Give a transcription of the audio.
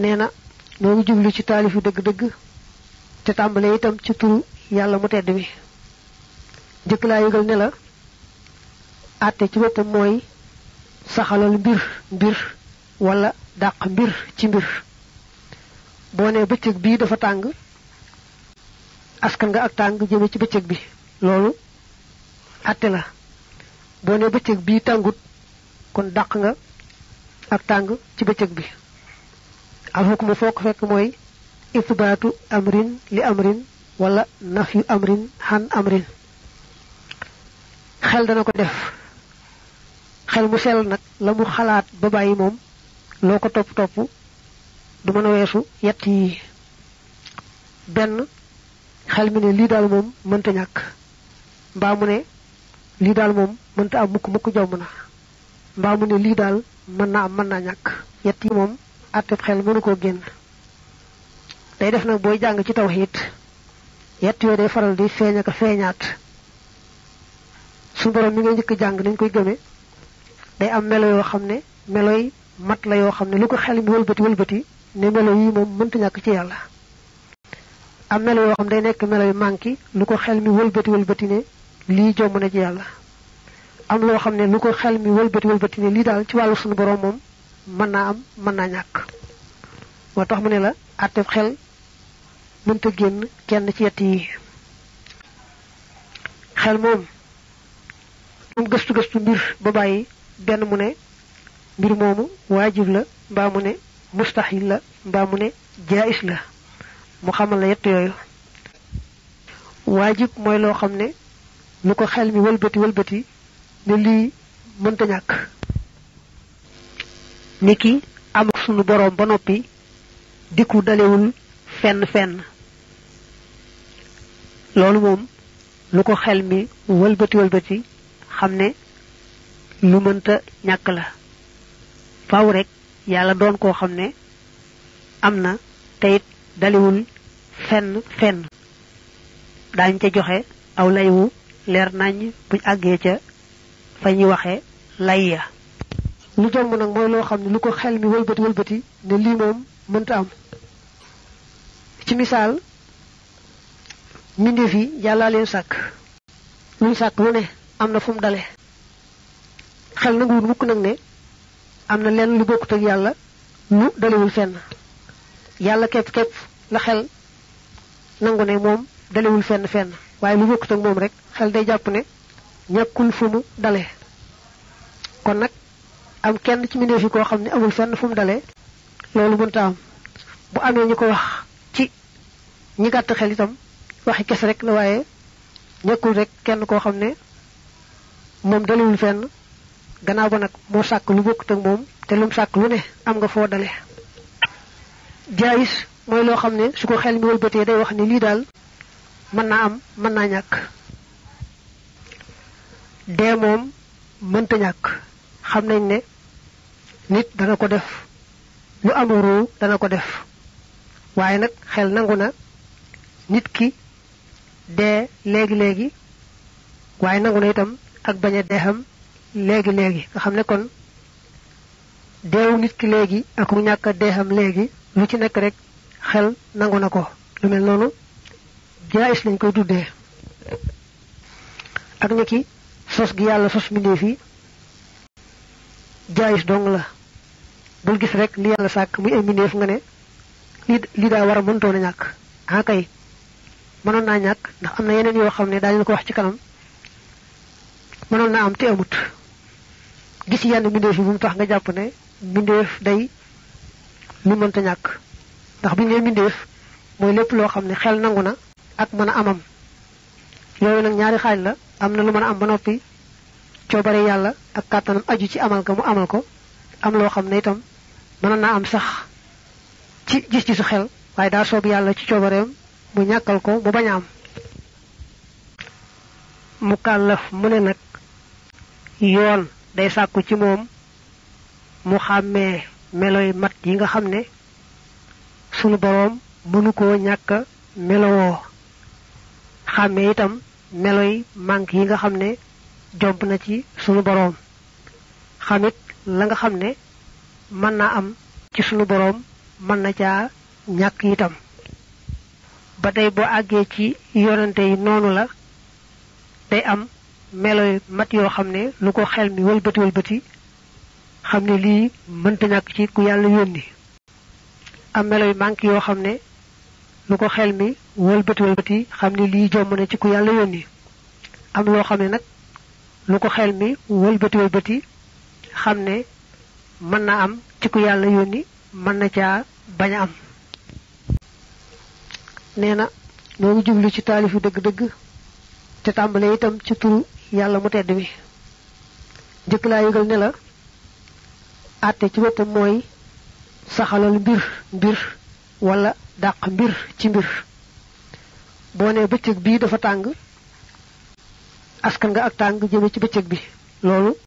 neena noo ngi jublu ci taalifu dëgg-dëgg te tàmbale itam ci turu yàlla mu tedd mi jëkk laa yëgal ne la àtte ci boppam mooy saxalal mbir mbir wala dàq mbir ci mbir boo ne bëccëg bii dafa tàng askan nga ak tàng jëme ci bëccëg bi loolu àtte la boo ne bëccëg bii tàngut kon dàq nga ak tàng ci bëccëg bi alxukmu foo ko fekk mooy itbaatu amrin li amrin wala nafyu amrin xan amrin xel dana ko def xel mu sell nag la mu xalaat ba bàyyi moom loo ko topp topp du mën a weesu yett yi benn xel mi ne lii daal moom mënta ñàkk mbaa mu ne lii daal moom mënta am mukk mukk jomb na mbaa mu ne lii daal mën naa am mën naa ñàkk yett yi moom àttub xel mënu koo génn day def nag booy jàng ci tawxiid yett yooyu day faral di feeñ ak feeñaat su borom mi ngay njëkk jàng nañ koy gëme day am melo yoo xam ne meloy mat la yoo xam ne lu ko xel mi wëlbati wëlbati ne melo yi moom ci yàlla am melo yoo xam day nekk melo yu manqué lu ko xel mi wëlbati wëlbati ne lii jomm na ci yàlla am loo xam ne lu ko xel mi wëlbati wëlbati ne lii daal ci wàllu suñu borom moom mën naa am mën naa ñàkk moo tax mu ne la àtteb xel mënta génn kenn ci yett yi xel moom moom gëstu gëstu mbir ba bàyyi benn mu ne mbir moomu waajib la mbaa mu ne mustaxil la mbaa mu ne jaayis la mu xamal la yett yooyu waajib mooy loo xam ne lu ko xel mi wëlbati wëlbati ne lii mënta ñàkk niki am sunu boroom ba noppi dikku dalewul fenn fenn loolu moom lu ko xel mi wëlbati wëlbati xam ne lu mënta ñàkk la faw rekk yàlla doon koo xam ne am na teyit daliwul fenn fenn daañ ca joxe aw lay wu leer naññ buñ àggee ca fa ñuy waxe lay ya lu jomb nag mooy loo xam ne lu ko xel mi wëlbati wëlbati ne lii moom mënta am ci misaal mbindeef fi yalla leen sak ñu sak lu ne amna fu dale xel na ngul mukk nak ne amna na lu bokku tak yalla ñu dalé wul fenn yalla kep kep la xel nangu ne dalé wul fenn fenn waye lu bokku tak mom rek xel day japp ne ñakul fu mu dale kon nak am kenn ci minde fi ko xamni amul fenn fu mu dale Lo mënta am bu amé ñuko wax ñi gàtt xel itam waxi kese rek la waaye nekkul rek kenn koo xam ne moom dalul fenn gannaaw ba nag moo sàkk lu bokk ak moom te lu mu sàkk lu ne am nga foo dale jaayis mooy loo xam ne su ko xel mi wëlbatee day wax ni lii daal mën naa am mën naa ñàkk dee moom mënta ñàkk xam nañ ne nit dana ko def lu amuru dana ko def waaye nag xel nangu na nit ki dee léegi léegi waaye nangu na itam ak bañ a deexam léegi léegi nga xam ne kon deewu nit ki léegi ak mu ñàkk a deexam léegi lu ci nekk rek xel nangu na ko lu mel noonu jaayis lañ koy tuddee ak ne ki sos gi yàlla sos mbindeef fi jaayis dong la bul gis rek li yàlla sàkk muy ay mbindeef nga ne li li daa war a mëntoon a ñàkk ah kay mënoon naa ñàkk ndax am na yeneen yoo xam ne daañu la ko wax ci kanam mënoon naa am te amut gis yenn mbindeef yi bu mu tax nga jàpp ne mbindeef day lu mënta ñàkk ndax bu ñu nee mooy lépp loo xam ne xel nangu na ak mën a amam yooyu nag ñaari xaaj la am na lu mën a am ba noppi coobare yàlla ak kàttanam aju ci amal ko mu amal ko am loo xam ne itam mënoon naa am sax ci gis-gisu xel waaye daa soob yàlla ci coobareem mu ñàkkal ko mu bañ a am mu ne nag yoon day sàkku ci moom mu xàmmee meloy mat yi nga xam ne sunu boroom mënu koo ñàkk melowoo xàmmee itam meloy mànk yi nga xam ne jomb na ci sunu boroom xamit la nga xam ne mën naa am ci sunu boroom mën na caa ñàkk yitam ba tey boo àggee ci yonante yi noonu la day am melo mat yoo xam ne lu ko xel mi wëlbati wëlbati xam ne lii mënta ñàkk ci ku yàlla yónni am melo yu manque yoo xam ne lu ko xel mi wëlbati wëlbati xam ne lii jomm na ci ku yàlla yónni am loo xam ne nag lu ko xel mi wëlbati wëlbati xam ne mën na am ci ku yàlla yónni mën na caa bañ am nee na noo ngi jublu ci taalif dëgg-dëgg te tàmbale itam ci turu yàlla mu tedd mi njëkk laa yëgal ne la àtte ci wetam mooy saxalal mbir mbir wala dàq mbir ci mbir boo nee bëccëg bii dafa tàng askan nga ak tàng jëme ci bëccëg bi loolu